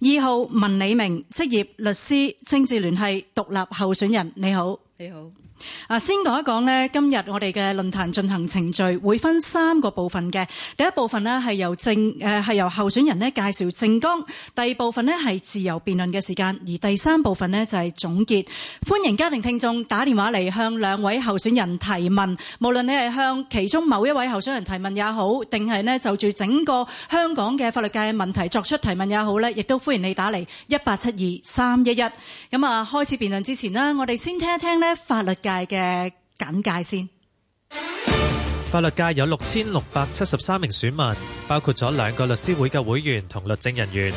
二號文理明，職業律師，政治聯繫獨立候選人。你好，你好。啊，先講一講咧，今日我哋嘅論壇進行程序會分三個部分嘅。第一部分咧係由政誒係由候選人咧介紹政綱，第二部分咧係自由辯論嘅時間，而第三部分咧就係總結。歡迎家庭聽眾打電話嚟向兩位候選人提問，無論你係向其中某一位候選人提問也好，定係咧就住整個香港嘅法律界嘅問題作出提問也好咧，亦都歡迎你打嚟一八七二三一一。咁啊，開始辯論之前咧，我哋先聽一聽咧法律界。界嘅簡介先。法律界有六千六百七十三名選民，包括咗兩個律師會嘅會員同律政人員。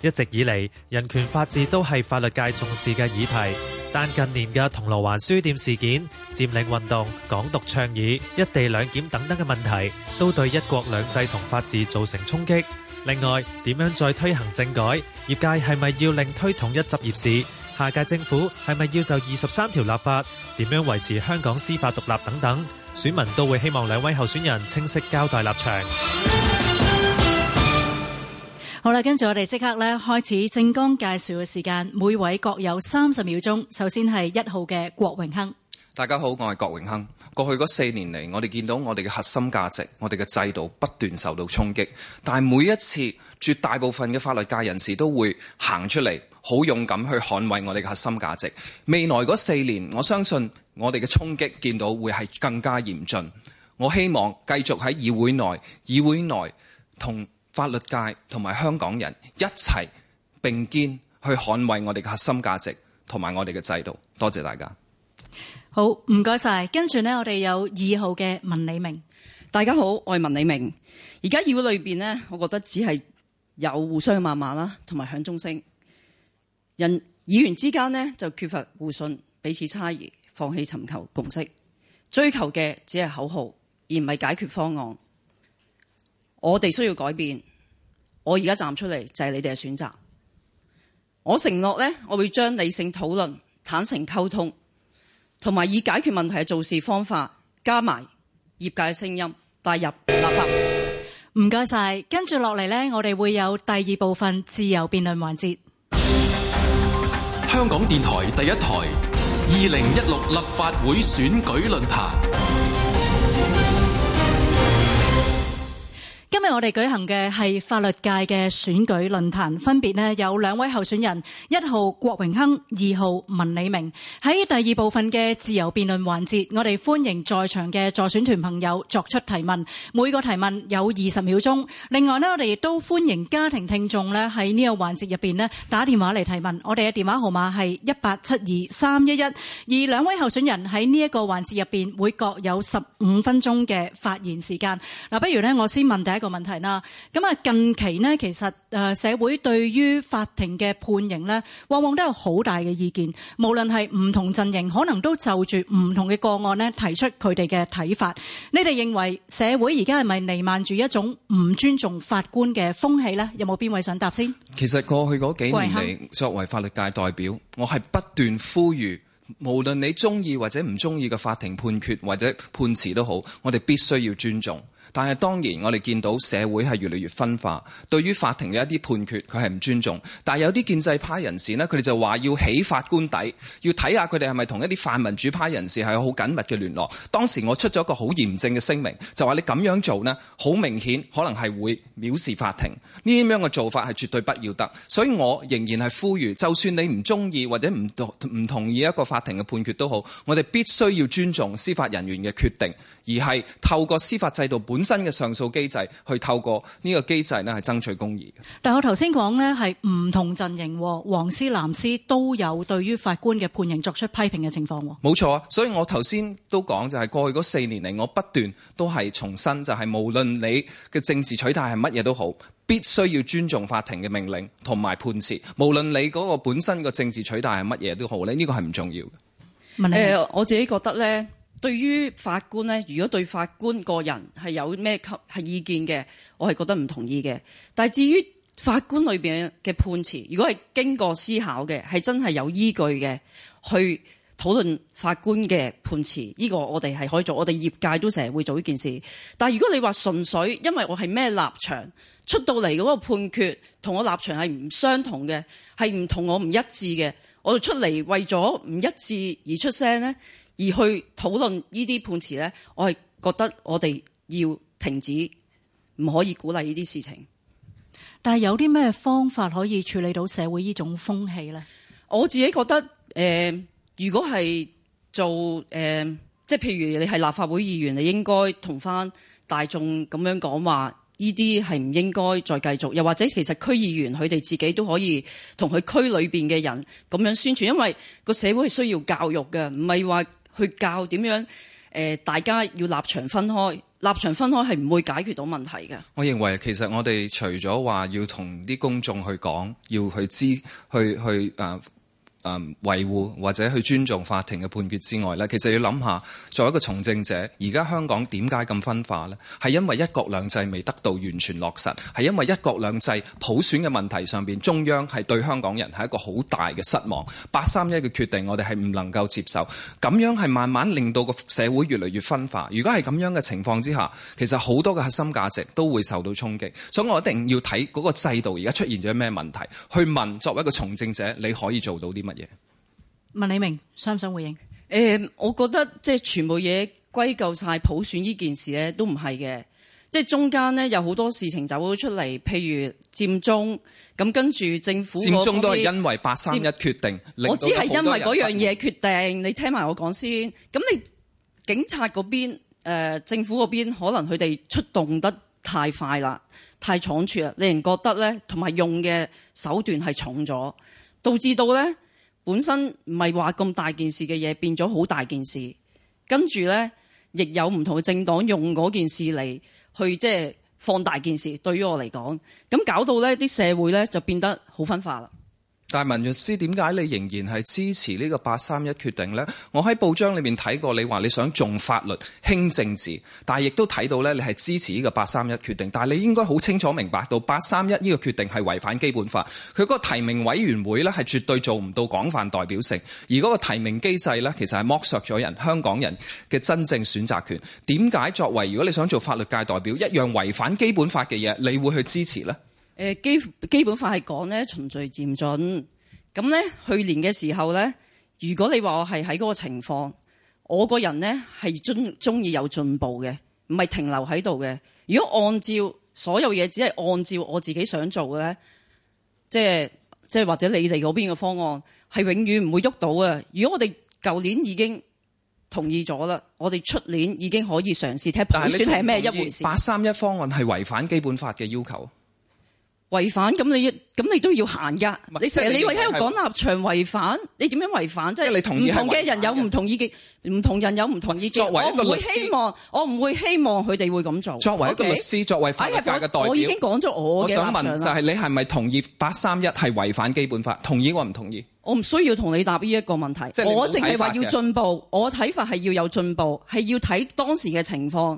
一直以嚟，人權法治都係法律界重視嘅議題。但近年嘅銅鑼灣書店事件、佔領運動、港獨倡議、一地兩檢等等嘅問題，都對一國兩制同法治造成衝擊。另外，點樣再推行政改？業界係咪要另推統一執業試？下屆政府係咪要就二十三條立法，點樣維持香港司法獨立等等？選民都會希望兩位候選人清晰交代立場。好啦，跟住我哋即刻咧開始政綱介紹嘅時間，每位各有三十秒鐘。首先係一號嘅郭榮鏗。大家好，我係郭榮鏗。過去嗰四年嚟，我哋見到我哋嘅核心價值、我哋嘅制度不斷受到衝擊，但係每一次，絕大部分嘅法律界人士都會行出嚟。好勇敢去捍衛我哋嘅核心價值。未來嗰四年，我相信我哋嘅衝擊見到會係更加嚴峻。我希望繼續喺議會內、議會內同法律界同埋香港人一齊並肩去捍衛我哋嘅核心價值同埋我哋嘅制度。多謝大家。好，唔該晒。跟住呢，我哋有二號嘅文理明。大家好，我係文理明。而家議會裏邊呢，我覺得只係有互相謾罵啦，同埋響鐘聲。人議員之間呢，就缺乏互信，彼此差異，放棄尋求共識，追求嘅只係口號，而唔係解決方案。我哋需要改變。我而家站出嚟就係你哋嘅選擇。我承諾呢，我會將理性討論、坦誠溝通，同埋以解決問題嘅做事方法，加埋業界嘅聲音帶入立法。唔該晒。跟住落嚟呢，我哋會有第二部分自由辯論環節。香港電台第一台，二零一六立法會選舉論壇。今日我哋舉行嘅係法律界嘅選舉論壇，分別呢有兩位候選人，一號郭榮鏗，二號文理明。喺第二部分嘅自由辯論環節，我哋歡迎在場嘅助選團朋友作出提問，每個提問有二十秒鐘。另外呢，我哋亦都歡迎家庭聽眾呢喺呢個環節入邊呢打電話嚟提問，我哋嘅電話號碼係一八七二三一一。而兩位候選人喺呢一個環節入邊會各有十五分鐘嘅發言時間。嗱，不如呢，我先問第一個個問題啦，咁啊，近期呢，其實誒，社會對於法庭嘅判刑呢，往往都有好大嘅意見。無論係唔同陣營，可能都就住唔同嘅個案呢，提出佢哋嘅睇法。你哋認為社會而家係咪彌漫住一種唔尊重法官嘅風氣呢？有冇邊位想答先？其實過去嗰幾年嚟，坑作為法律界代表，我係不斷呼籲，無論你中意或者唔中意嘅法庭判決或者判詞都好，我哋必須要尊重。但係當然，我哋見到社會係越嚟越分化，對於法庭嘅一啲判決佢係唔尊重。但係有啲建制派人士呢，佢哋就話要起法官底，要睇下佢哋係咪同一啲泛民主派人士係有好緊密嘅聯絡。當時我出咗一個好嚴正嘅聲明，就話你咁樣做呢，好明顯可能係會藐視法庭，呢樣嘅做法係絕對不要得。所以我仍然係呼籲，就算你唔中意或者唔唔同意一個法庭嘅判決都好，我哋必須要尊重司法人員嘅決定，而係透過司法制度本。本身嘅上訴機制，去透過呢個機制呢，係爭取公義。但我頭先講呢，係唔同陣營，黃絲藍絲都有對於法官嘅判刑作出批評嘅情況。冇錯，啊，所以我頭先都講，就係過去嗰四年嚟，我不斷都係重申，就係無論你嘅政治取態係乜嘢都好，必須要尊重法庭嘅命令同埋判詞。無論你嗰個本身嘅政治取態係乜嘢都好，呢、這個係唔重要嘅。問題，呃、我自己覺得呢。對於法官呢，如果對法官個人係有咩係意見嘅，我係覺得唔同意嘅。但係至於法官裏邊嘅判詞，如果係經過思考嘅，係真係有依據嘅，去討論法官嘅判詞，呢個我哋係可以做。我哋業界都成日會做呢件事。但係如果你話純粹因為我係咩立場出到嚟嗰個判決同我立場係唔相同嘅，係唔同我唔一致嘅，我哋出嚟為咗唔一致而出聲呢。而去討論呢啲判詞咧，我係覺得我哋要停止，唔可以鼓勵呢啲事情。但係有啲咩方法可以處理到社會呢種風氣咧？我自己覺得誒、呃，如果係做誒、呃，即係譬如你係立法會議員，你應該同翻大眾咁樣講話，依啲係唔應該再繼續。又或者其實區議員佢哋自己都可以同佢區裏面嘅人咁樣宣傳，因為個社會係需要教育嘅，唔係話。去教點樣？誒，大家要立場分開，立場分開係唔會解決到問題嘅。我認為其實我哋除咗話要同啲公眾去講，要去知，去去誒。誒、嗯、維護或者去尊重法庭嘅判決之外咧，其實要諗下，作為一個從政者，而家香港點解咁分化呢？係因為一國兩制未得到完全落實，係因為一國兩制普選嘅問題上邊，中央係對香港人係一個好大嘅失望。八三一嘅決定，我哋係唔能夠接受，咁樣係慢慢令到個社會越嚟越分化。如果係咁樣嘅情況之下，其實好多嘅核心價值都會受到衝擊。所以我一定要睇嗰個制度而家出現咗咩問題，去問作為一個從政者，你可以做到啲乜？文理明想唔想回應？誒、呃，我覺得即係全部嘢歸咎晒普選呢件事咧，都唔係嘅。即係中間咧有好多事情走咗出嚟，譬如佔中，咁跟住政府佔中都係因為八三一決定。佔我只係因為嗰樣嘢決定。嗯、你聽埋我講先。咁你警察嗰邊誒，政府嗰邊可能佢哋出動得太快啦，太倉促啦，令人覺得咧，同埋用嘅手段係重咗，導致到咧。本身唔係話咁大件事嘅嘢，變咗好大件事。跟住咧，亦有唔同嘅政黨用嗰件事嚟去即係放大件事。對於我嚟講，咁搞到咧啲社會咧就變得好分化啦。但係文律師，點解你仍然係支持呢個八三一決定呢？我喺報章裏面睇過，你話你想重法律輕政治，但係亦都睇到咧，你係支持呢個八三一決定。但你應該好清楚明白到，八三一呢個決定係違反基本法。佢嗰個提名委員會咧，係絕對做唔到廣泛代表性，而嗰個提名機制咧，其實係剝削咗人香港人嘅真正選擇權。點解作為如果你想做法律界代表，一樣違反基本法嘅嘢，你會去支持呢？誒基基本法係講咧循序漸進，咁咧去年嘅時候咧，如果你話我係喺嗰個情況，我個人咧係中中意有進步嘅，唔係停留喺度嘅。如果按照所有嘢，只係按照我自己想做嘅咧，即係即係或者你哋嗰邊嘅方案係永遠唔會喐到嘅。如果我哋舊年已經同意咗啦，我哋出年已經可以嘗試踢普選係咩一回事？八三一方案係違反基本法嘅要求。違反咁你咁，你都要行噶。你成日你喺度講立場違反，你點樣違反？即係唔同嘅人有唔同意見，唔同人有唔同意見。作為一個律師，我唔會希望佢哋會咁做。作為一個律師 Okay? 作為法律界嘅代表，我已經講咗我嘅立場。我想問就係你係咪同意八三一係違反《基本法》？同意我唔同意。我唔需要同你答呢一個問題。我淨係話要進步，我睇法係要有進步，係要睇當時嘅情況。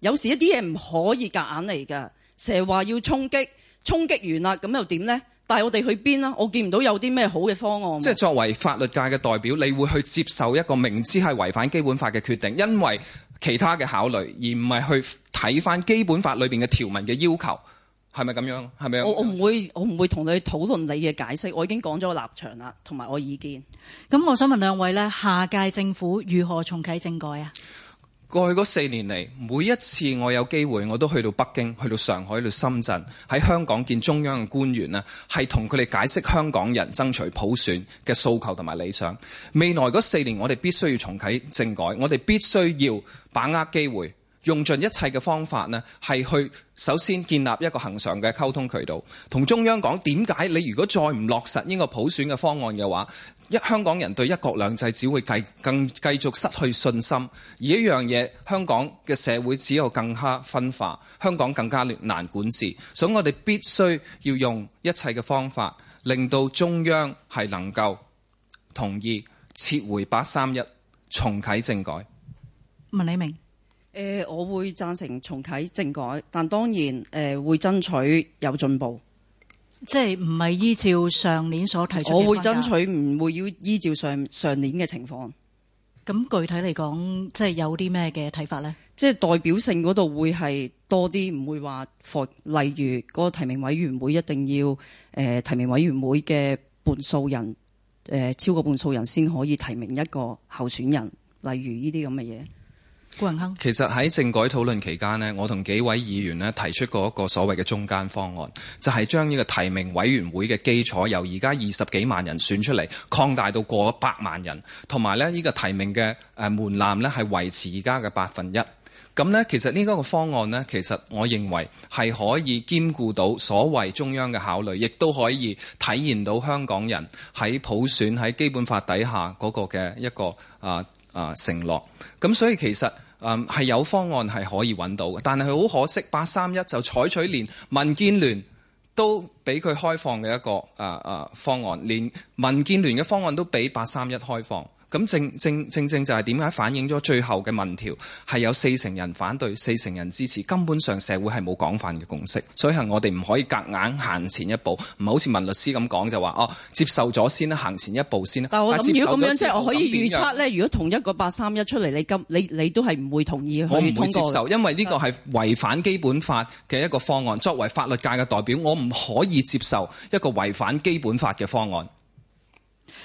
有時一啲嘢唔可以夾硬嚟噶，成日話要衝擊。衝擊完啦，咁又點呢？但我哋去邊啊？我見唔到有啲咩好嘅方案。即係作為法律界嘅代表，你會去接受一個明知係違反基本法嘅決定，因為其他嘅考慮，而唔係去睇翻基本法裏面嘅條文嘅要求，係咪咁樣？係咪啊？我唔會，我唔會同你討論你嘅解釋。我已經講咗個立場啦，同埋我意見。咁我想問兩位呢：下屆政府如何重啟政改啊？過去嗰四年嚟，每一次我有機會，我都去到北京、去到上海、去到深圳，喺香港見中央嘅官員，呢係同佢哋解釋香港人爭取普選嘅訴求同埋理想。未來嗰四年，我哋必須要重啟政改，我哋必須要把握機會。用盡一切嘅方法呢係去首先建立一個恒常嘅溝通渠道，同中央講點解你如果再唔落實呢個普選嘅方案嘅話，一香港人對一國兩制只會繼更繼續失去信心，而一樣嘢香港嘅社會只有更加分化，香港更加難管治，所以我哋必須要用一切嘅方法，令到中央係能夠同意撤回八三一，重啟政改。文理明。誒、呃，我會贊成重啟政改，但當然誒、呃、會爭取有進步，即係唔係依照上年所提出。我會爭取唔會要依照上上年嘅情況。咁具體嚟講，即係有啲咩嘅睇法呢？即係代表性嗰度會係多啲，唔會話例如嗰個提名委員會一定要誒、呃、提名委員會嘅半數人誒、呃、超過半數人先可以提名一個候選人，例如呢啲咁嘅嘢。其實喺政改討論期間呢，我同幾位議員呢，提出過一個所謂嘅中間方案，就係將呢個提名委員會嘅基礎由而家二十幾萬人選出嚟，擴大到過百萬人，同埋呢呢個提名嘅誒門檻呢係維持而家嘅百分一。咁呢，其實呢個方案呢，其實我認為係可以兼顧到所謂中央嘅考慮，亦都可以體現到香港人喺普選喺基本法底下嗰個嘅一個啊啊、呃呃、承諾。咁所以其實，係、嗯、有方案係可以揾到嘅，但係好可惜，八三一就採取連民建聯都俾佢開放嘅一個誒誒、呃啊、方案，連民建聯嘅方案都俾八三一開放。咁正正正正就係點解反映咗最後嘅民調係有四成人反對，四成人支持，根本上社會係冇廣泛嘅共識，所以係我哋唔可以隔硬行前一步，唔係好似文律師咁講就話，哦，接受咗先啦，行前一步先啦。但我諗如果咁樣即係我可以預測咧，如果同一個八三一出嚟，你今你你都係唔會同意去通過。我唔接受，因為呢個係違反基本法嘅一個方案。的作為法律界嘅代表，我唔可以接受一個違反基本法嘅方案。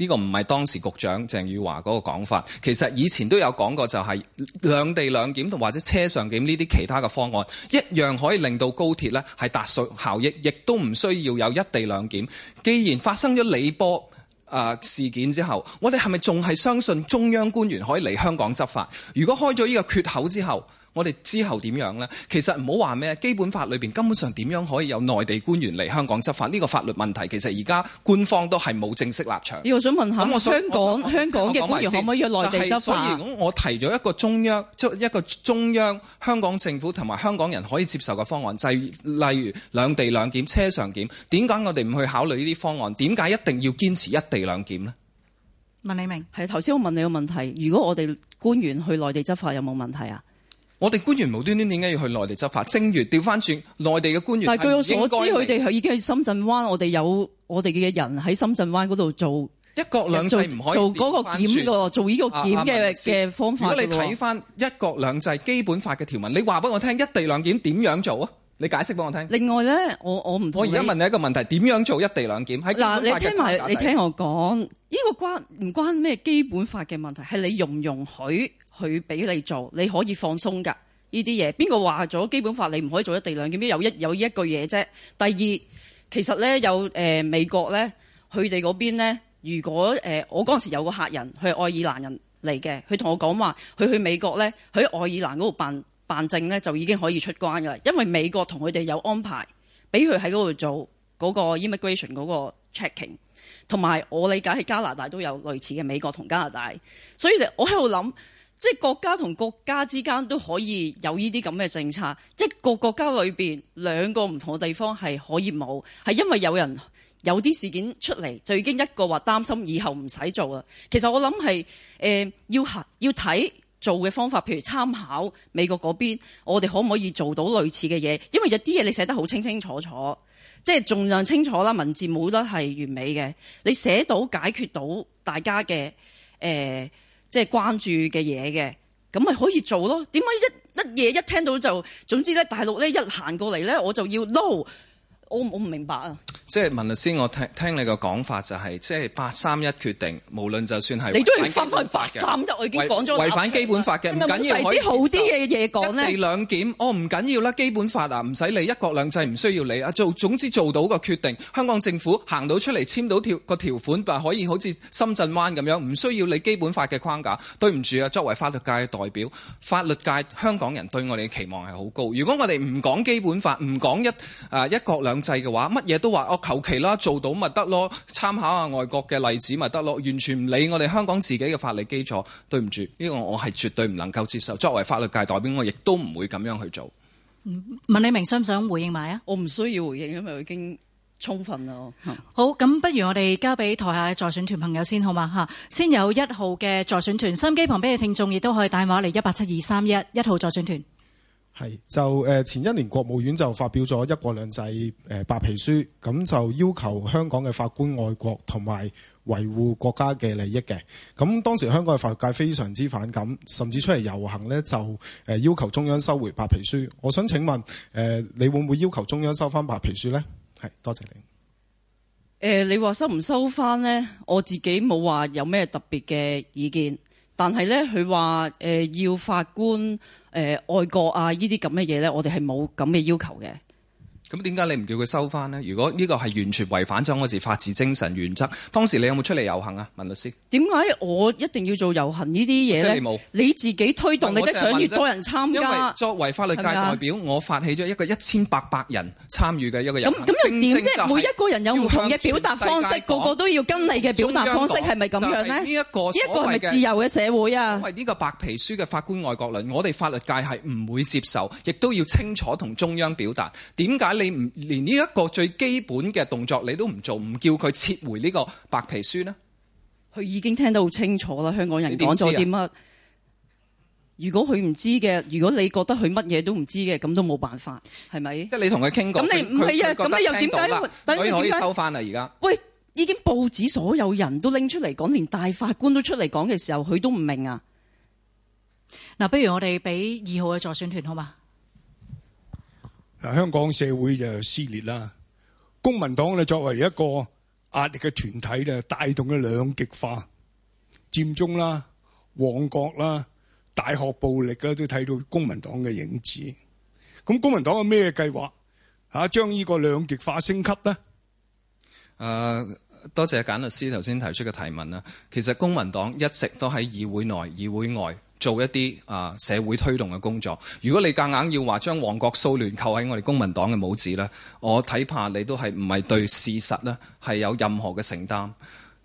呢個唔係當時局長鄭宇華嗰個講法，其實以前都有講過就是兩地兩檢，就係兩地兩檢同或者車上檢呢啲其他嘅方案一樣可以令到高鐵呢係達上效益，亦都唔需要有一地兩檢。既然發生咗李波、呃、事件之後，我哋係咪仲係相信中央官員可以嚟香港執法？如果開咗呢個缺口之後？我哋之後點樣呢？其實唔好話咩，基本法裏面根本上點樣可以有內地官員嚟香港執法呢個法律問題？其實而家官方都係冇正式立場。我想問下香港香港嘅官員說可唔可以內地執法？所以我提咗一個中央，一個中央香港政府同埋香港人可以接受嘅方案，就係、例如兩地兩檢、車上檢。點解我哋唔去考慮呢啲方案？點解一定要堅持一地兩檢呢？問你明係頭先，我問你個問題：如果我哋官員去內地執法有冇問題啊？我哋官員無端端點解要去內地執法？正如調翻轉內地嘅官員，但係據我所知，佢哋係已經喺深圳灣，我哋有我哋嘅人喺深圳灣嗰度做一國兩制唔可以。做嗰個檢個做呢個檢嘅嘅方法。如果你睇翻一國兩制基本法嘅條文，你話俾我聽一地兩檢點樣做啊？你解釋俾我聽。另外咧，我我唔。我而家問你一個問題：點樣做一地兩檢？喺嗱，你聽埋你聽我講，呢個關唔關咩基本法嘅問題？係你容唔容許？佢俾你做，你可以放鬆噶呢啲嘢。邊個話咗基本法你唔可以做一地兩檢，有一有一句嘢啫。第二，其實呢，有誒、呃、美國呢，佢哋嗰邊咧，如果誒、呃、我嗰陣時有個客人，佢係愛爾蘭人嚟嘅，佢同我講話，佢去美國咧，去愛爾蘭嗰度辦辦證呢，就已經可以出關噶啦，因為美國同佢哋有安排，俾佢喺嗰度做嗰、嗰個 immigration 嗰個 checking。同埋我理解喺加拿大都有類似嘅美國同加拿大，所以我喺度諗。即係國家同國家之間都可以有呢啲咁嘅政策，一個國家裏面兩個唔同嘅地方係可以冇，係因為有人有啲事件出嚟，就已經一個話擔心以後唔使做啦。其實我諗係誒要要睇做嘅方法，譬如參考美國嗰邊，我哋可唔可以做到類似嘅嘢？因為有啲嘢你寫得好清清楚楚，即係盡量清楚啦，文字冇得係完美嘅，你寫到解決到大家嘅誒。呃即係關注嘅嘢嘅，咁咪可以做咯？點解一嘢一聽到就，總之咧大陸咧一行過嚟咧，我就要 no，我唔我唔明白啊！即係文律師，我聽聽你個講法就係，即係八三一決定，無論就算係你都係違反法，八三一我已經講咗，違反基本法嘅，唔緊要可以一地兩檢，哦唔緊要啦，基本法啊唔使你一國兩制唔需要你啊做，總之做到個決定，香港政府行到出嚟簽到條個條款就可以好似深圳灣咁樣，唔需要你基本法嘅框架。對唔住啊，作為法律界嘅代表，法律界香港人對我哋嘅期望係好高。如果我哋唔講基本法，唔講一誒一國兩制嘅話，乜嘢都話我。求其啦，做到咪得咯，參考下外國嘅例子咪得咯，完全唔理我哋香港自己嘅法理基礎。對唔住，呢、這個我係絕對唔能夠接受。作為法律界代表，我也不，我亦都唔會咁樣去做。問你明想唔想回應埋啊？我唔需要回應，因為已經充分啦。嗯、好，咁不如我哋交俾台下嘅助選團朋友先好嘛嚇。先有一號嘅助選團，心機旁邊嘅聽眾亦都可以打電話嚟一八七二三一，一號助選團。係就誒、呃、前一年國務院就發表咗一國兩制誒、呃、白皮書，咁就要求香港嘅法官愛國同埋維護國家嘅利益嘅。咁當時香港嘅法律界非常之反感，甚至出嚟遊行呢，就誒、呃、要求中央收回白皮書。我想請問誒、呃、你會唔會要求中央收翻白皮書呢？係多謝你。誒、呃、你話收唔收翻呢？我自己冇話有咩特別嘅意見，但係呢，佢話誒要法官。誒外國啊，呢啲咁嘅嘢咧，我哋係冇咁嘅要求嘅。咁點解你唔叫佢收翻呢？如果呢個係完全違反咗我哋法治精神原則，當時你有冇出嚟遊行啊，文律師？點解我一定要做遊行呢啲嘢咧？你，你自己推動，問我你越想越多人參加。因為作為法律界代表，是是我發起咗一個一千八百人參與嘅一個遊行。咁又點？即係每一個人有唔同嘅表達方式，是是個個都要跟你嘅表達方式係咪咁樣呢？呢一個係咪自由嘅社會啊？喂，呢個白皮書嘅法官外國論，我哋法律界係唔會接受，亦都要清楚同中央表達點解。你唔連呢一個最基本嘅動作你都唔做，唔叫佢撤回呢個白皮書呢？佢已經聽得好清楚啦，香港人講咗啲乜？如果佢唔知嘅，如果你覺得佢乜嘢都唔知嘅，咁都冇辦法，係咪？即係你同佢傾過，咁你唔係啊？咁你又點解？等佢點解？所以可以收翻啊！而家喂，已經報紙所有人都拎出嚟講，連大法官都出嚟講嘅時候，佢都唔明啊！嗱，不如我哋俾二號嘅助選團好嘛？嗱，香港社會就撕裂啦。公民黨咧作為一個壓力嘅團體咧，帶動咗兩極化，佔中啦、旺角啦、大學暴力啦，都睇到公民黨嘅影子。咁公民黨有咩計劃嚇將呢個兩極化升級咧？誒，多謝簡律師頭先提出嘅提問啊。其實公民黨一直都喺議會內、議會外，做一啲啊社會推動嘅工作。如果你夾硬要話將旺角騷亂扣喺我哋公民黨嘅帽子咧，我睇怕你都係唔係對事實咧係有任何嘅承擔。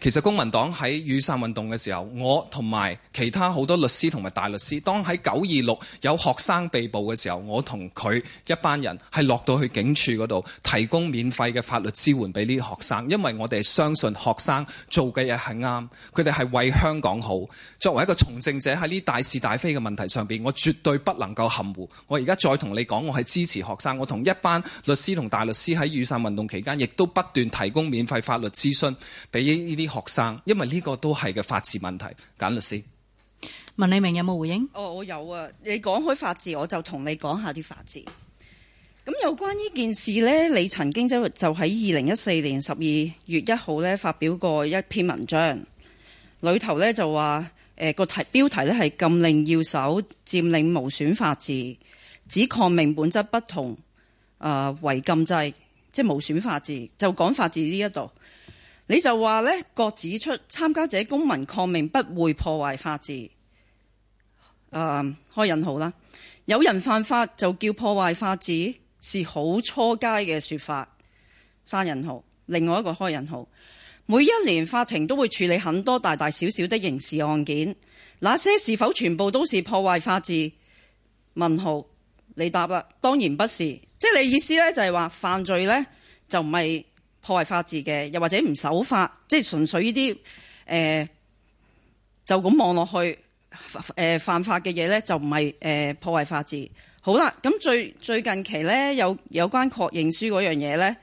其實公民黨喺雨傘運動嘅時候，我同埋其他好多律師同埋大律師，當喺九二六有學生被捕嘅時候，我同佢一班人係落到去警署嗰度，提供免費嘅法律支援俾呢啲學生，因為我哋相信學生做嘅嘢係啱，佢哋係為香港好。作為一個從政者喺呢啲大是大非嘅問題上邊，我絕對不能夠含糊。我而家再同你講，我係支持學生，我同一班律師同大律師喺雨傘運動期間，亦都不斷提供免費法律諮詢俾呢啲。學生，因為呢個都係個法治問題。簡律師，文理明有冇回應？哦，我有啊。你講開法治，我就同你講下啲法治。咁有關呢件事呢，你曾經就喺二零一四年十二月一號咧發表過一篇文章，裏頭呢就話，誒個題標題咧係禁令要守，佔領無損法治，指抗命本質不同，啊、呃、違禁制，即係無損法治，就講法治呢一度。你就話呢，郭指出參加者公民抗命不會破壞法治。誒、um，開引號啦，有人犯法就叫破壞法治，是好初階嘅說法。刪引號，另外一個開引號。每一年法庭都會處理很多大大小小的刑事案件，那些是否全部都是破壞法治？問號，你答啦，當然不是。即係你意思呢就係話犯罪呢就唔係。破壞法治嘅，又或者唔守法，即係純粹呢啲，誒、呃，就咁望落去，誒、呃，犯法嘅嘢咧就唔係，誒、呃，破壞法治。好啦，咁最最近期咧有有關確認書嗰樣嘢咧，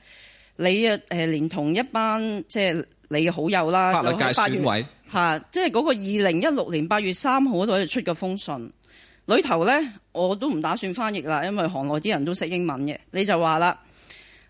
你啊，誒、呃，連同一班即係、就是、你嘅好友啦，法律界選委吓，即係嗰個二零一六年八月三號嗰度出嘅封信，裏頭咧我都唔打算翻譯啦，因為行內啲人都識英文嘅，你就話啦。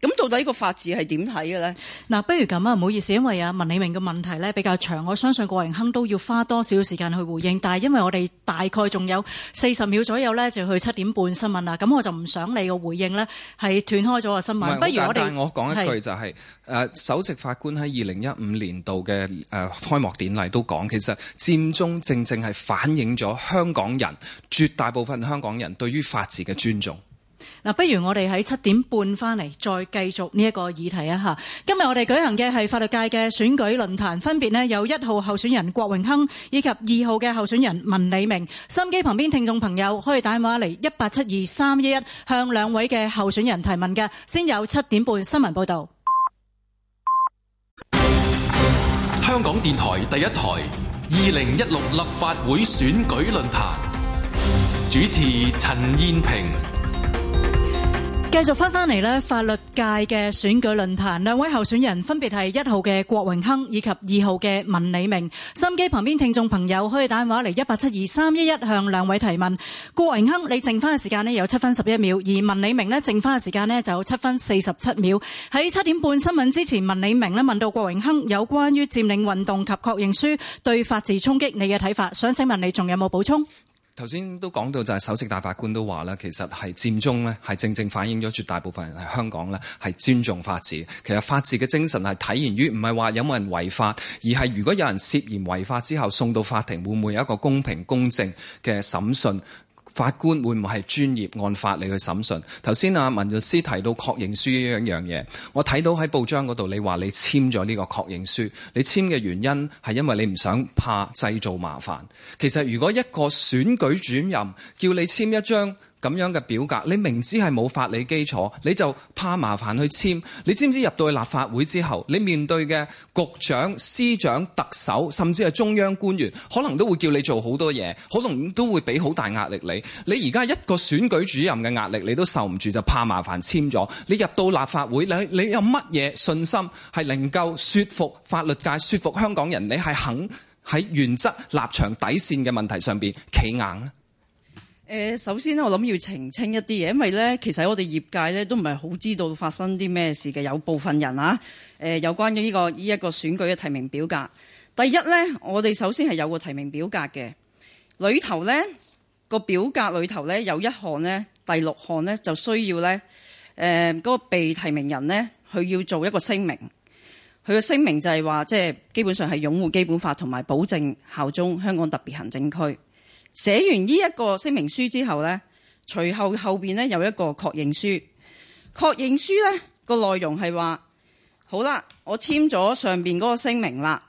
咁到底個法治係點睇嘅咧？嗱、啊，不如咁啊，唔好意思，因為啊文理明嘅問題咧比較長，我相信郭榮鏗都要花多少時間去回應，但係因為我哋大概仲有四十秒左右咧，就要去七點半新聞啦，咁我就唔想你個回應咧係斷開咗個新聞。不，是不如我哋，我講們一句就係、是，誒是、啊、首席法官喺二零一五年度嘅誒、啊、開幕典禮都講，其實佔中正正係反映咗香港人絕大部分香港人對於法治嘅尊重。嗱，不如我哋喺七點半翻嚟，再繼續呢一個議題啊！今日我哋舉行嘅係法律界嘅選舉論壇，分別呢有一號候選人郭榮鏗，以及二號嘅候選人文理明。心機旁邊聽眾朋友可以打電話嚟一八七二三一一，向兩位嘅候選人提問嘅，先有七點半新聞報道。香港電台第一台二零一六立法會選舉論壇，主持陳燕萍。繼續翻翻嚟，咧法律界嘅選舉論壇，兩位候選人分別係一號嘅郭榮鏗以及二號嘅文理明。心機旁邊聽眾朋友可以打電話嚟一八七二三一一，向兩位提問。郭榮鏗，你剩翻嘅時間呢有七分十一秒，而文理明呢剩翻嘅時間呢就有七分四十七秒。喺七點半新聞之前，文理明呢問到郭榮鏗有關於佔領運動及確認書對法治衝擊你嘅睇法，想請問你仲有冇補充？頭先都講到，就係首席大法官都話啦，其實係佔中咧，係正正反映咗絕大部分人喺香港咧，係尊重法治。其實法治嘅精神係體現於唔係話有冇人違法，而係如果有人涉嫌違法之後送到法庭，會唔會有一個公平公正嘅審訊？法官會唔會係專業按法嚟去審訊？頭先啊文律師提到確認書呢樣嘢，我睇到喺報章嗰度你話你簽咗呢個確認書，你簽嘅原因係因為你唔想怕製造麻煩。其實如果一個選舉主任叫你簽一張咁樣嘅表格，你明知係冇法理基礎，你就怕麻煩去簽。你知唔知入到去立法會之後，你面對嘅局長、司長、特首，甚至係中央官員，可能都會叫你做好多嘢，可能都會俾好大壓力你。你而家一個選舉主任嘅壓力，你都受唔住，就怕麻煩簽咗。你入到立法會，你你有乜嘢信心係能夠説服法律界、説服香港人，你係肯喺原則、立場、底線嘅問題上面企硬呢？誒，首先我諗要澄清一啲嘢，因為呢，其實我哋業界呢都唔係好知道發生啲咩事嘅。有部分人啊，有關嘅呢個呢一個選舉嘅提名表格。第一呢，我哋首先係有個提名表格嘅，裏頭呢個表格裏頭呢有一項呢，第六項呢就需要呢誒嗰個被提名人呢，佢要做一個聲明。佢嘅聲明就係話，即係基本上係擁護基本法同埋保證效忠香港特別行政區。寫完呢一個聲明書之後呢，隨後後邊呢有一個確認書。確認書呢個內容係話：好啦，我簽咗上邊嗰個聲明啦。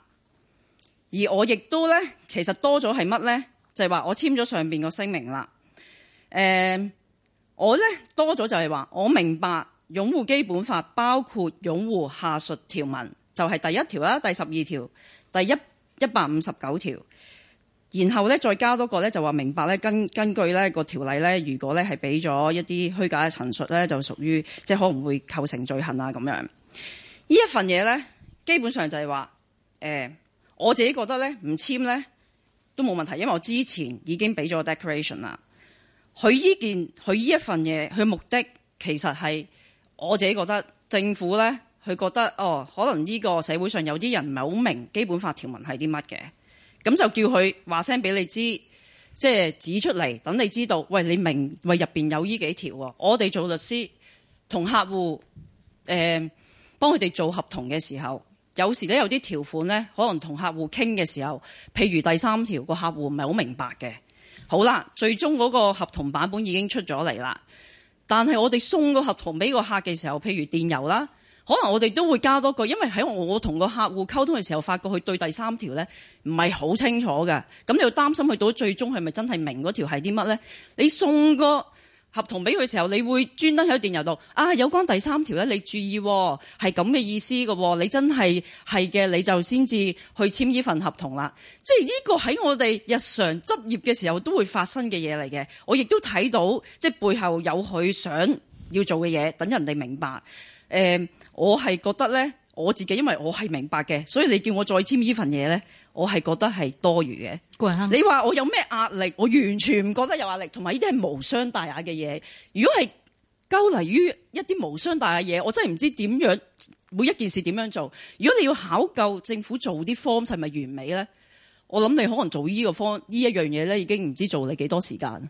而我亦都呢，其實多咗係乜呢？就係話我簽咗上邊個聲明啦。誒，我呢多咗就係話，我明白擁護基本法，包括擁護下述條文，就係第一條啦、第十二條、第一一百五十九條。然後咧，再加多個咧，就話明白咧，根根據咧個條例咧，如果咧係俾咗一啲虛假嘅陳述咧，就屬於即係可能會構成罪行啊咁樣。呢一份嘢咧，基本上就係話，誒、呃，我自己覺得咧唔簽咧都冇問題，因為我之前已經俾咗 declaration 啦。佢呢件佢呢一份嘢，佢目的其實係我自己覺得政府咧，佢覺得哦，可能呢個社會上有啲人唔係好明基本法條文係啲乜嘅。咁就叫佢話聲俾你知，即係指出嚟等你知道，喂，你明，喂入面有呢幾條喎？我哋做律師同客戶誒幫佢哋做合同嘅時候，有時咧有啲條款咧，可能同客戶傾嘅時候，譬如第三條個客戶唔係好明白嘅。好啦，最終嗰個合同版本已經出咗嚟啦，但係我哋送個合同俾個客嘅時候，譬如電郵啦。可能我哋都會加多個，因為喺我同個客戶溝通嘅時候，發覺佢對第三條咧唔係好清楚嘅，咁你又擔心去到最終係咪真係明嗰條係啲乜咧？你送個合同俾佢嘅時候，你會專登喺電郵度啊，有關第三條咧，你注意喎、哦，係咁嘅意思嘅喎、哦，你真係係嘅，你就先至去簽呢份合同啦。即係呢個喺我哋日常執業嘅時候都會發生嘅嘢嚟嘅。我亦都睇到即係背後有佢想要做嘅嘢，等人哋明白、嗯我係覺得咧，我自己因為我係明白嘅，所以你叫我再簽份呢份嘢咧，我係覺得係多餘嘅。啊、你話我有咩壓力？我完全唔覺得有壓力，同埋呢啲係無傷大雅嘅嘢。如果係交嚟於一啲無傷大雅嘢，我真係唔知點樣每一件事點樣做。如果你要考究政府做啲 form 係咪完美咧，我諗你可能做呢個 form 呢一樣嘢咧，已經唔知做你幾多時間。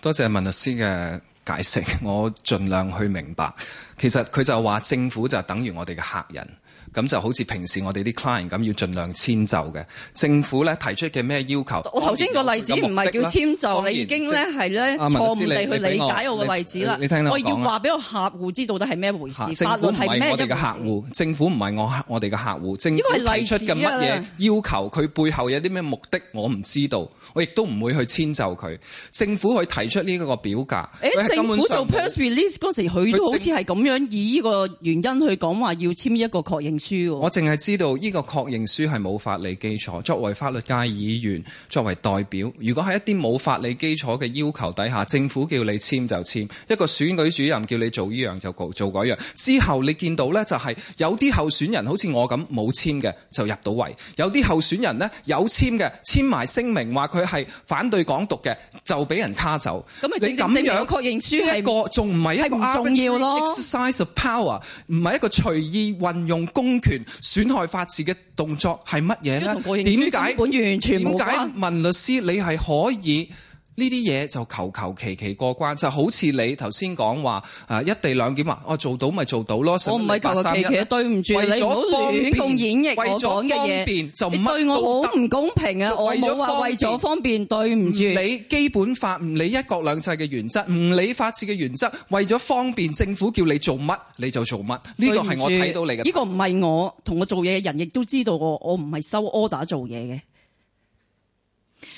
多謝文律師嘅。解釋，我盡量去明白。其實佢就話政府就等於我哋嘅客人，咁就好似平時我哋啲 client 咁，要盡量遷就嘅。政府咧提出嘅咩要求？我頭先個例子唔係叫遷就，你已經咧係咧錯誤地去理解我嘅例子啦。我要話俾個客戶知到底係咩回事，法律係咩一回事？政府唔係我我哋嘅客戶，政府提出嘅乜嘢要求，佢背後有啲咩目的，我唔知道。我亦都唔會去遷就佢。政府去提出呢個表格，誒、欸，政府做 press release 嗰時，佢都好似係咁樣以呢個原因去講話要簽一個確認書。我淨係知道呢個確認書係冇法理基礎。作為法律界議員，作為代表，如果喺一啲冇法理基礎嘅要求底下，政府叫你簽就簽，一個選舉主任叫你做一樣就做做嗰樣。之後你見到呢，就係有啲候選人好似我咁冇簽嘅就入到圍，有啲候選人呢，有簽嘅簽埋聲明話佢係反對港獨嘅，就俾人卡走。咁你咁樣確認書一個仲唔係一個重要咯？exercise of power 唔係一個隨意運用公權損害法治嘅動作係乜嘢咧？點解本完全點解文律師你係可以？呢啲嘢就求求其其過關，就好似你頭先講話，誒一地兩檢啊，我做到咪做到咯。我唔係求求其其，對唔住你，好亂。為咗方便共演繹，我講嘅嘢，你對我好唔公平啊！我冇話為咗方便，對唔住。你基本法唔理一國兩制嘅原則，唔理法治嘅原則，為咗方便政府叫你做乜你就做乜。呢個係我睇到你嘅。呢個唔係我同我做嘢嘅人亦都知道我，我唔係收 order 做嘢嘅。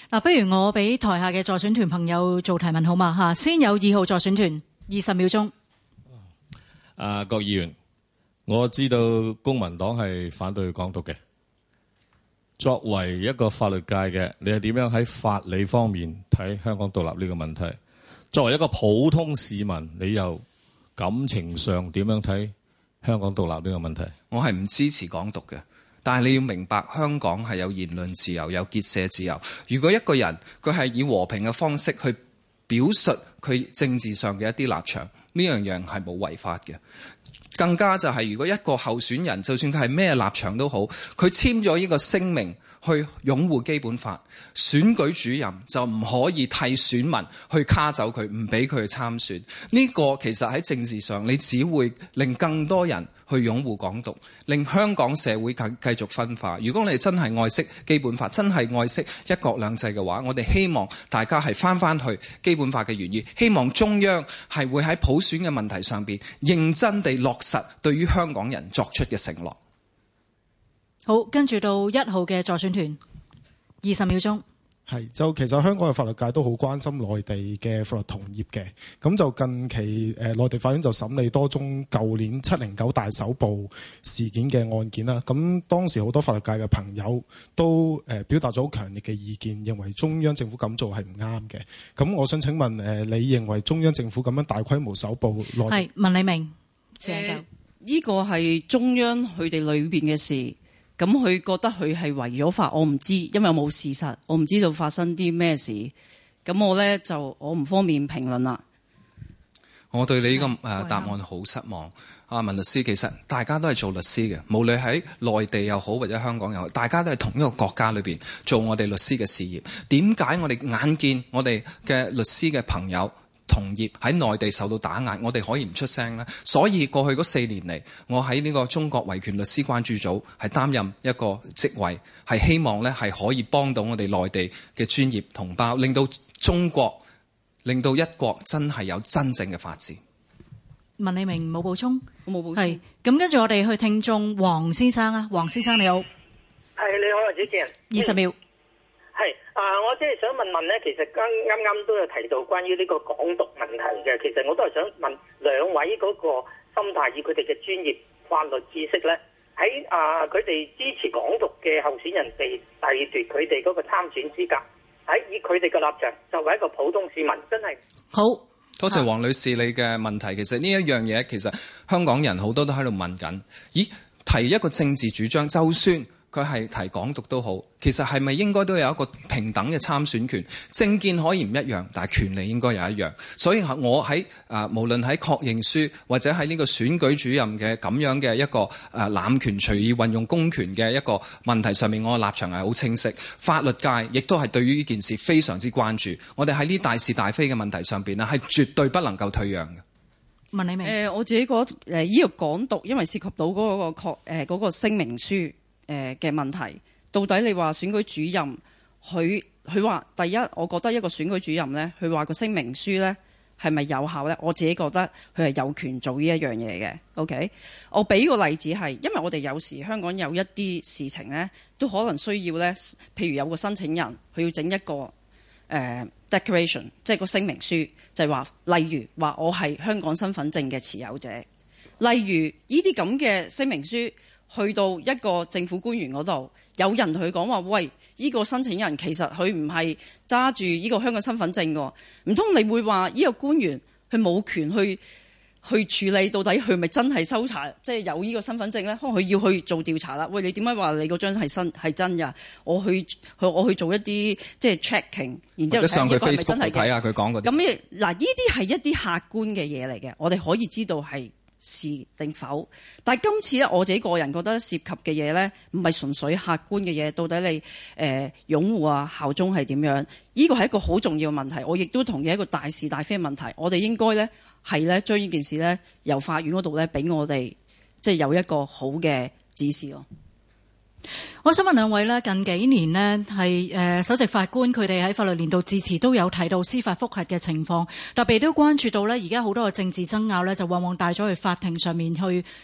嗱、啊，不如我俾台下嘅助選團朋友做提問好嗎？吓、啊，先有二號助選團，二十秒鐘。阿、啊、郭議員，我知道公民黨係反對港獨嘅。作為一個法律界嘅，你係點樣喺法理方面睇香港獨立呢個問題？作為一個普通市民，你又感情上點樣睇香港獨立呢個問題？我係唔支持港獨嘅。但係你要明白，香港係有言論自由、有結社自由。如果一個人佢係以和平嘅方式去表述佢政治上嘅一啲立場，呢樣樣係冇違法嘅。更加就係、是，如果一個候選人，就算佢係咩立場都好，佢簽咗呢個聲明去擁護基本法，選舉主任就唔可以替選民去卡走佢，唔俾佢參選呢、這個其實喺政治上，你只會令更多人去擁護港獨，令香港社會更繼續分化。如果你真係愛惜基本法，真係愛惜一國兩制嘅話，我哋希望大家係翻翻去基本法嘅原意，希望中央係會喺普選嘅問題上邊認真地落。實對於香港人作出嘅承諾好，跟住到一號嘅助選團二十秒鐘。係就其實香港嘅法律界都好關心內地嘅法律同業嘅，咁就近期誒、呃、內地法院就審理多宗舊年七零九大搜捕事件嘅案件啦。咁當時好多法律界嘅朋友都誒、呃、表達咗好強烈嘅意見，認為中央政府咁做係唔啱嘅。咁我想請問誒、呃，你認為中央政府咁樣大規模搜捕內係文理明。呢個係中央佢哋裏邊嘅事，咁佢覺得佢係違咗法，我唔知，因為冇事實，我唔知道發生啲咩事，咁我呢，就我唔方便評論啦。我對你呢個答案好失望，阿文是、啊、律師，其實大家都係做律師嘅，無論喺內地又好或者香港又好，大家都係同一個國家裏邊做我哋律師嘅事業。點解我哋眼見我哋嘅律師嘅朋友？同業喺內地受到打壓，我哋可以唔出聲啦。所以過去嗰四年嚟，我喺呢個中國維權律師關注組係擔任一個職位，係希望咧係可以幫到我哋內地嘅專業同胞，令到中國，令到一國真係有真正嘅法治。文理明冇補充，冇補充。係咁，跟住我哋去聽眾黃先生啊，黃先生你好，係你好，主持人，二十秒。啊！我即係想問問咧，其實剛啱啱都有提到關於呢個港獨問題嘅，其實我都係想問兩位嗰個心態，以佢哋嘅專業法律知識咧，喺啊佢哋支持港獨嘅候選人被褫奪佢哋嗰個參選資格，喺以佢哋嘅立場，作為一個普通市民，真係好多謝黃女士你嘅問題。啊、其實呢一樣嘢，其實香港人好多都喺度問緊，咦？提一個政治主張，就算？」佢係提港獨都好，其實係咪應該都有一個平等嘅參選權？政見可以唔一樣，但係權利應該又一樣。所以我，我喺啊，無論喺確認書或者喺呢個選舉主任嘅咁樣嘅一個誒、呃、濫權隨意運用公權嘅一個問題上面，我嘅立場係好清晰。法律界亦都係對於呢件事非常之關注。我哋喺呢大是大非嘅問題上邊咧，係絕對不能夠退讓嘅。問你明？誒、呃，我自己覺得誒，呢個港獨因為涉及到嗰、嗰個確誒嗰個聲明書。誒嘅問題，到底你話選舉主任佢佢話第一，我覺得一個選舉主任呢，佢話個聲明書呢係咪有效呢？我自己覺得佢係有權做呢一樣嘢嘅。OK，我俾個例子係，因為我哋有時香港有一啲事情呢都可能需要呢，譬如有個申請人佢要整一個、呃、declaration，即係個聲明書，就係話，例如話我係香港身份證嘅持有者，例如呢啲咁嘅聲明書。去到一個政府官員嗰度，有人同佢講話，喂，依個申請人其實佢唔係揸住依個香港身份證喎。唔通你會話依個官員佢冇權去去處理？到底佢咪真係收查，即係有依個身份證咧？可能佢要去做調查啦。喂，你點解話你嗰張係真？係真嘅？我去去我去做一啲即係 checking，然之後上呢個係咪真係咁嗱，呢啲係一啲客觀嘅嘢嚟嘅，我哋可以知道係。是定否？但係今次咧，我自己個人覺得涉及嘅嘢咧，唔係純粹客觀嘅嘢，到底你誒、呃、擁護啊、效忠係點樣？呢個係一個好重要嘅問題，我亦都同意一個大是大非嘅問題。我哋應該咧，係咧將呢件事咧由法院嗰度咧，俾我哋即係有一個好嘅指示咯。我想問兩位，呢近幾年，呢係誒首席法官佢哋喺法律年度致辭都有提到司法覆核嘅情況，特別都關注到呢而家好多嘅政治爭拗呢就往往帶咗去法庭上面去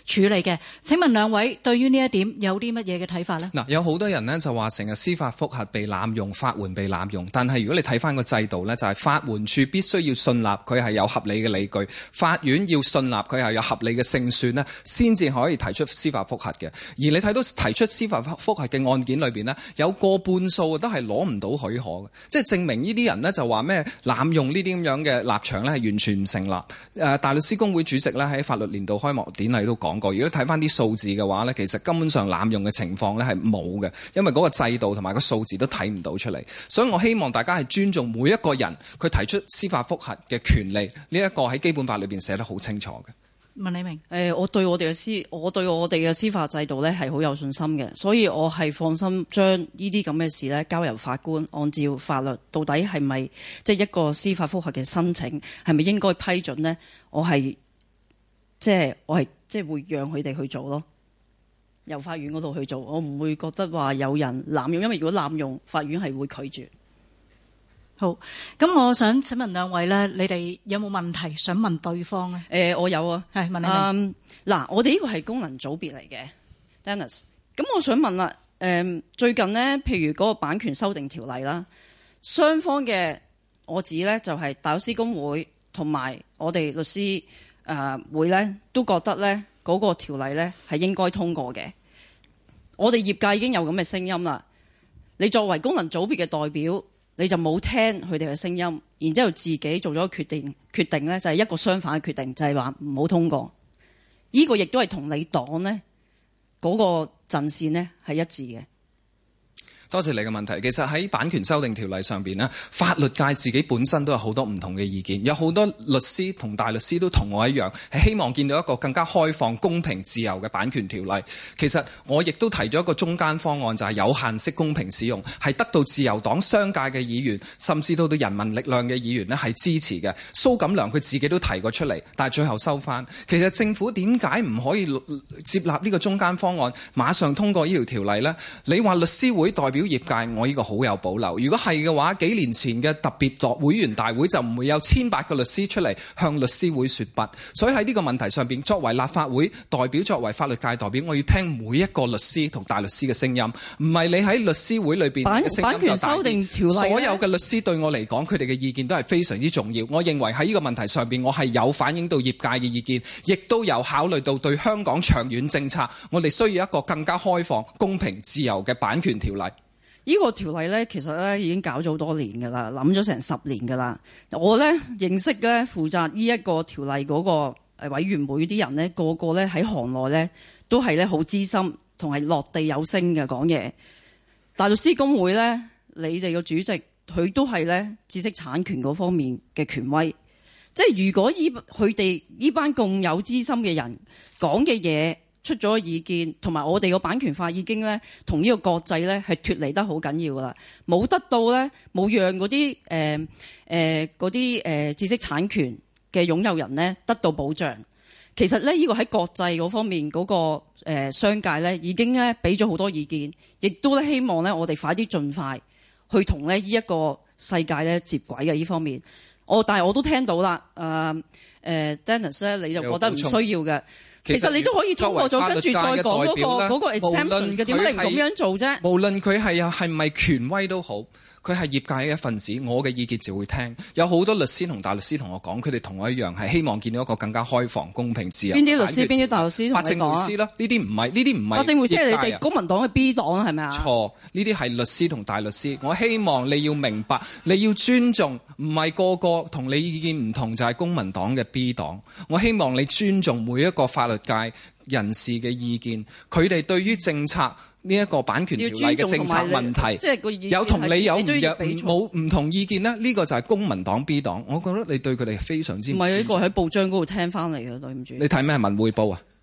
處理嘅。請問兩位對於呢一點有啲乜嘢嘅睇法呢？嗱，有好多人呢就話成日司法覆核被濫用，法援被濫用。但係如果你睇翻個制度呢，就係、是、法援處必須要信納佢係有合理嘅理據，法院要信納佢係有合理嘅勝算呢先至可以提出司法覆核嘅。而你睇到提出司法覆核嘅案件裏面呢，有過半數都係攞唔到許可嘅，即係證明呢啲人呢，就話咩濫用呢啲咁樣嘅立場呢，係完全唔成立，呃，大律師公會主席呢，喺法律年度開幕典禮都講過，如果睇翻啲數字嘅話呢，其實根本上濫用嘅情況呢，係冇嘅，因為嗰個制度同埋個數字都睇唔到出嚟。所以我希望大家係尊重每一個人佢提出司法覆核嘅權利呢一個喺基本法裏面寫得好清楚嘅。問文理明、欸，我對我哋嘅司，我對我哋嘅司法制度咧係好有信心嘅，所以我係放心將呢啲咁嘅事咧交由法官按照法律到底係咪即係一個司法覆核嘅申請係咪應該批准呢？我係即係我係即係會讓佢哋去做咯，由法院嗰度去做，我唔會覺得話有人濫用，因為如果濫用，法院係會拒絕。好，咁我想請問兩位咧，你哋有冇問題想問對方？誒、呃，我有啊，係、嗯、問你。嗱、啊，我哋呢個係功能組別嚟嘅，Dennis。咁我想問啦，誒、嗯，最近呢，譬如嗰個版權修訂條例啦，雙方嘅我指呢，就係、是、大律師公會，同埋我哋律師誒、呃、會呢都覺得呢嗰、那個條例呢，係應該通過嘅。我哋業界已經有咁嘅聲音啦。你作為功能組別嘅代表。你就冇聽佢哋嘅聲音，然之後自己做咗決定，決定咧就係一個相反嘅決定，就係話唔好通過，呢、這個亦都係同你黨咧嗰個陣線咧係一致嘅。多謝你嘅問題。其實喺版權修訂條例上面呢，法律界自己本身都有好多唔同嘅意見，有好多律師同大律師都同我一樣，係希望見到一個更加開放、公平、自由嘅版權條例。其實我亦都提咗一個中間方案，就係有限式公平使用，係得到自由黨、商界嘅議員，甚至到到人民力量嘅議員咧係支持嘅。蘇錦良佢自己都提過出嚟，但係最後收翻。其實政府點解唔可以接納呢個中間方案，馬上通過呢條條例呢？你話律師會代表？業界，我呢個好有保留。如果係嘅話，幾年前嘅特別大會員大會就唔會有千百個律師出嚟向律師會説不。所以喺呢個問題上邊，作為立法會代表，作為法律界代表，我要聽每一個律師同大律師嘅聲音，唔係你喺律師會裏邊嘅聲音就大啲。所有嘅律師對我嚟講，佢哋嘅意見都係非常之重要。我認為喺呢個問題上邊，我係有反映到業界嘅意見，亦都有考慮到對香港長遠政策，我哋需要一個更加開放、公平、自由嘅版權條例。呢個條例咧，其實咧已經搞咗好多年㗎啦，諗咗成十年㗎啦。我咧認識咧負責呢一個條例嗰個委員會啲人咧，個個咧喺行內咧都係咧好資深，同係落地有聲嘅講嘢。大律師公會咧，你哋個主席佢都係咧知識產權嗰方面嘅權威。即係如果依佢哋呢班共有資深嘅人講嘅嘢。出咗意見，同埋我哋個版權法已經咧，同呢個國際咧係脫離得好緊要噶啦，冇得到咧，冇讓嗰啲誒嗰啲誒知識產權嘅擁有人咧得到保障。其實咧，呢、呢個喺國際嗰方面嗰、嗰個、呃、商界咧，已經咧俾咗好多意見，亦都咧希望咧我哋快啲盡快去同咧呢一個世界咧接軌嘅呢方面。哦、但我但係我都聽到啦，誒、呃呃、Dennis 咧，你就覺得唔需要嘅。其實你都可以通過咗，跟住再講嗰、那個、個 exemption 嘅，點解你唔咁樣做啫？無論佢係係唔係權威都好。佢係業界嘅一份子，我嘅意見就會聽。有好多律師同大律師同我講，佢哋同我一樣係希望見到一個更加開放、公平、自由。邊啲律師、邊啲制大律師同我講？法政匯思啦，呢啲唔係，呢啲唔係。法政匯思，即係你哋公民黨嘅 B 黨係咪啊？錯，呢啲係律師同大律師。我希望你要明白，你要尊重，唔係個個同你意見唔同就係、是、公民黨嘅 B 黨。我希望你尊重每一個法律界人士嘅意見，佢哋對於政策。呢一個版權條例嘅政策問題，有同你有冇唔同意見咧？呢個就係公民黨 B 黨，我覺得你對佢哋非常之唔係呢個喺報章嗰度聽翻嚟嘅，對唔住。你睇咩文匯報啊？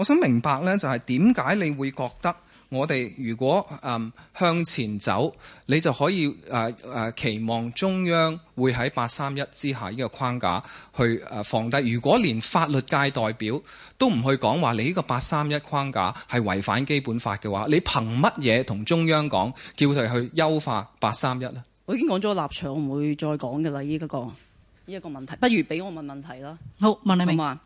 我想明白呢，就係點解你會覺得我哋如果嗯向前走，你就可以誒誒、呃、期望中央會喺八三一之下呢個框架去誒放低。如果連法律界代表都唔去講話，你呢個八三一框架係違反基本法嘅話，你憑乜嘢同中央講叫佢去優化八三一呢？我已經講咗立場，我唔會再講嘅啦。呢個呢一個問題，不如俾我問問題啦。好，問你明嘛？好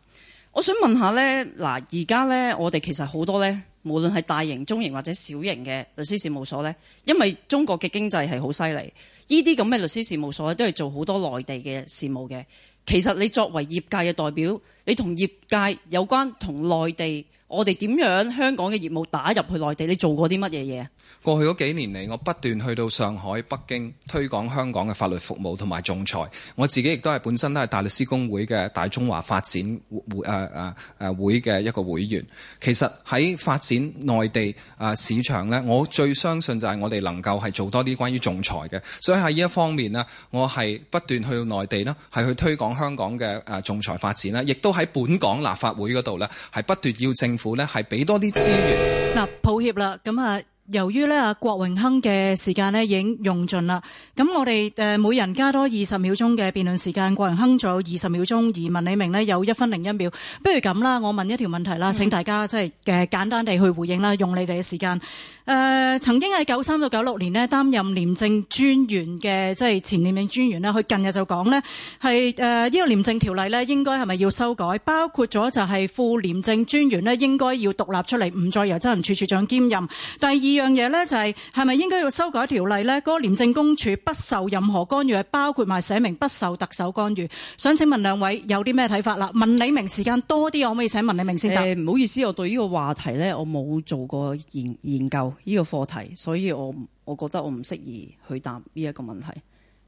我想問下呢，嗱而家呢，我哋其實好多呢，無論係大型、中型或者小型嘅律師事務所呢，因為中國嘅經濟係好犀利，呢啲咁嘅律師事務所都係做好多內地嘅事務嘅。其實你作為業界嘅代表。你同業界有關同內地，我哋點樣香港嘅業務打入去內地？你做過啲乜嘢嘢？過去嗰幾年嚟，我不斷去到上海、北京推廣香港嘅法律服務同埋仲裁。我自己亦都係本身都係大律師公會嘅大中華發展會誒誒誒會嘅一個會員，其實，喺發展內地啊、呃、市場咧，我最相信就係我哋能夠係做多啲關於仲裁嘅。所以喺呢一方面咧，我係不斷去到內地啦，係去推廣香港嘅誒、呃、仲裁發展啦，亦都。喺本港立法會嗰度咧，係不斷要政府咧，係俾多啲資源。嗱，抱歉啦，咁啊。由於咧啊郭榮鏗嘅時間咧已經用盡啦，咁我哋誒每人加多二十秒鐘嘅辯論時間，郭榮鏗仲有二十秒鐘，而文理明呢，有一分零一秒。不如咁啦，我問一條問題啦，請大家即係誒簡單地去回應啦，嗯、用你哋嘅時間。誒、呃、曾經喺九三到九六年咧擔任廉政專員嘅即係前廉政專員啦，佢近日就講呢，係誒呢個廉政條例咧應該係咪要修改，包括咗就係副廉政專員咧應該要獨立出嚟，唔再由執行處處長兼任。第二樣嘢呢，就係係咪應該要修改條例呢？嗰、那個廉政公署不受任何干預，包括埋寫明不受特首干預。想請問兩位有啲咩睇法啦？問文理明時間多啲，可唔可以請問文理明先答？誒、呃，唔好意思，我對呢個話題呢，我冇做過研研究呢個課題，所以我我覺得我唔適宜去答呢一個問題。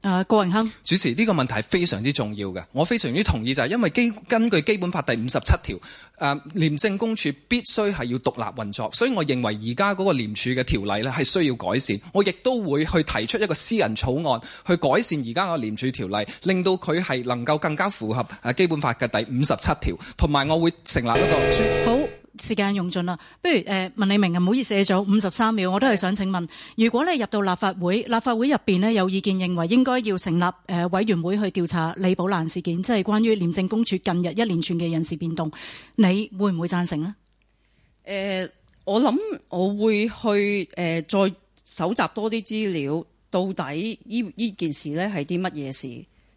誒、呃，郭榮鏗，主持呢，這個問題非常之重要嘅，我非常之同意，就係因為基根據基本法第五十七條，誒、呃、廉政公署必須係要獨立運作，所以我認為而家嗰個廉署嘅條例呢係需要改善，我亦都會去提出一個私人草案去改善而家嘅廉署條例，令到佢係能夠更加符合基本法嘅第五十七條，同埋我會成立一個。好。時間用盡啦，不如誒、呃、問文理明啊，唔好意思，咗五十三秒，我都係想請問，如果你入到立法會，立法會入邊咧有意見認為應該要成立誒委員會去調查李寶蘭事件，即、就、係、是、關於廉政公署近日一連串嘅人事變動，你會唔會贊成誒、呃，我諗我會去誒、呃、再搜集多啲資料，到底呢件事咧係啲乜嘢事？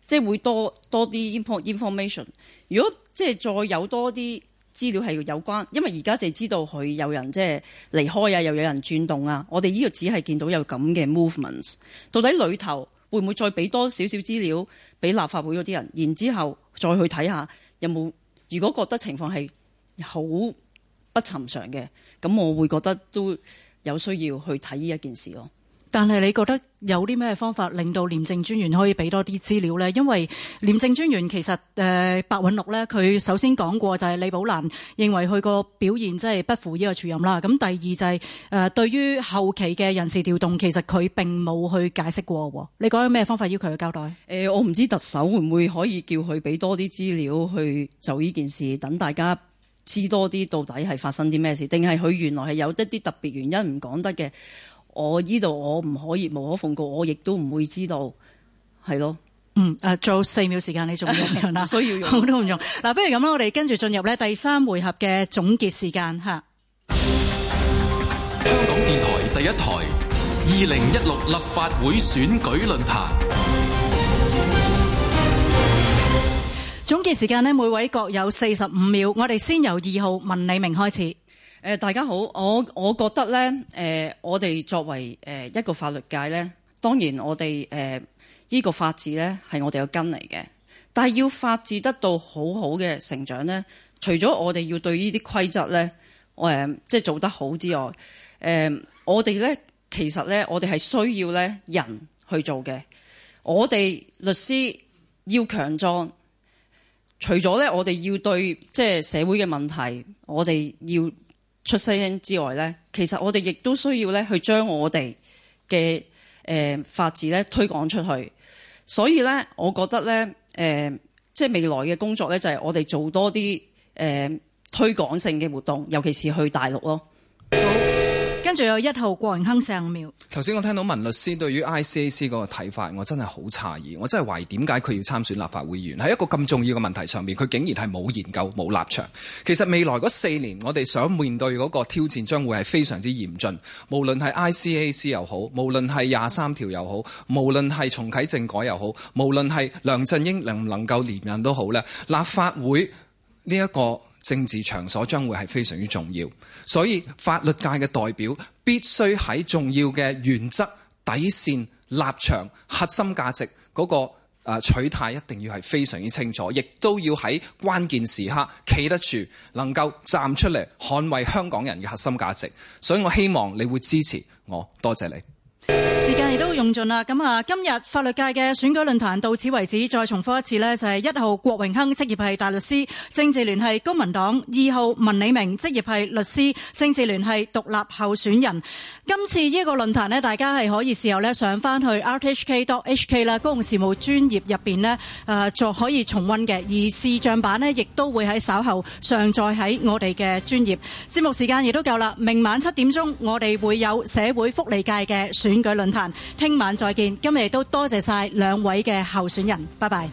即係會多多啲 i o r information。如果即係再有多啲。資料係有關，因為而家就知道佢有人即係離開啊，又有人轉動啊。我哋呢度只係見到有咁嘅 movements，到底裏頭會唔會再俾多少少資料俾立法會嗰啲人，然之後再去睇下有冇，如果覺得情況係好不尋常嘅，咁我會覺得都有需要去睇呢一件事咯。但係你覺得有啲咩方法令到廉政專員可以俾多啲資料呢？因為廉政專員其實誒、呃、白韻祿呢，佢首先講過就係李寶蘭認為佢個表現真係不負呢個主任啦。咁第二就係、是、誒、呃、對於後期嘅人事調動，其實佢並冇去解釋過。你講有咩方法要求去交代？誒、呃，我唔知特首會唔會可以叫佢俾多啲資料去就呢件事，等大家知多啲到底係發生啲咩事，定係佢原來係有一啲特別原因唔講得嘅？我呢度我唔可以無可奉告，我亦都唔會知道，係咯。嗯，誒、啊，做四秒時間你仲用唔用啦？ 不需要用？我都唔用。嗱， 不如咁啦，我哋跟住進入咧第三回合嘅總結時間吓。香港電台第一台二零一六立法會選舉論壇總結時間咧，每位各有四十五秒。我哋先由二號文理明開始。呃、大家好，我我覺得咧，誒、呃，我哋作為、呃、一個法律界咧，當然我哋誒依個法治咧係我哋嘅根嚟嘅。但係要法治得到好好嘅成長咧，除咗我哋要對規則呢啲規則咧誒，即係做得好之外，誒、呃、我哋咧其實咧，我哋係需要咧人去做嘅。我哋律師要強壯，除咗咧，我哋要對即係社會嘅問題，我哋要。出聲之外呢，其實我哋亦都需要呢去將我哋嘅誒法治呢推廣出去，所以呢，我覺得呢誒、呃、即係未來嘅工作呢，就係我哋做多啲誒、呃、推廣性嘅活動，尤其是去大陸咯。跟住有一號郭榮鏗五秒。頭先我聽到文律師對於 ICAC 嗰個睇法，我真係好詫異，我真係懷疑點解佢要參選立法會議員？喺一個咁重要嘅問題上面，佢竟然係冇研究、冇立場。其實未來嗰四年，我哋想面對嗰個挑戰，將會係非常之嚴峻。無論係 ICAC 又好，無論係廿三條又好，無論係重啟政改又好，無論係梁振英能唔能夠連任都好呢，立法會呢、這、一個。政治場所將會係非常之重要，所以法律界嘅代表必須喺重要嘅原則、底線、立場、核心價值嗰個啊取態一定要係非常之清楚，亦都要喺關鍵時刻企得住，能夠站出嚟捍衛香港人嘅核心價值。所以我希望你會支持我，多謝你。啦！咁啊，今日法律界嘅選舉論壇到此為止。再重複一次呢就係一號郭榮鏗職業係大律師，政治聯繫公民黨；二號文理明，職業係律師，政治聯繫獨立候選人。今次呢個論壇呢大家係可以事後呢上翻去 RTHK.HK 啦，公共事務專頁入邊呢，誒、呃，作可以重温嘅。而視像版呢，亦都會喺稍後上載喺我哋嘅專頁節目時間，亦都夠啦。明晚七點鐘，我哋會有社會福利界嘅選舉論壇。聽。今晚再見，今日亦都多謝晒兩位嘅候選人，拜拜。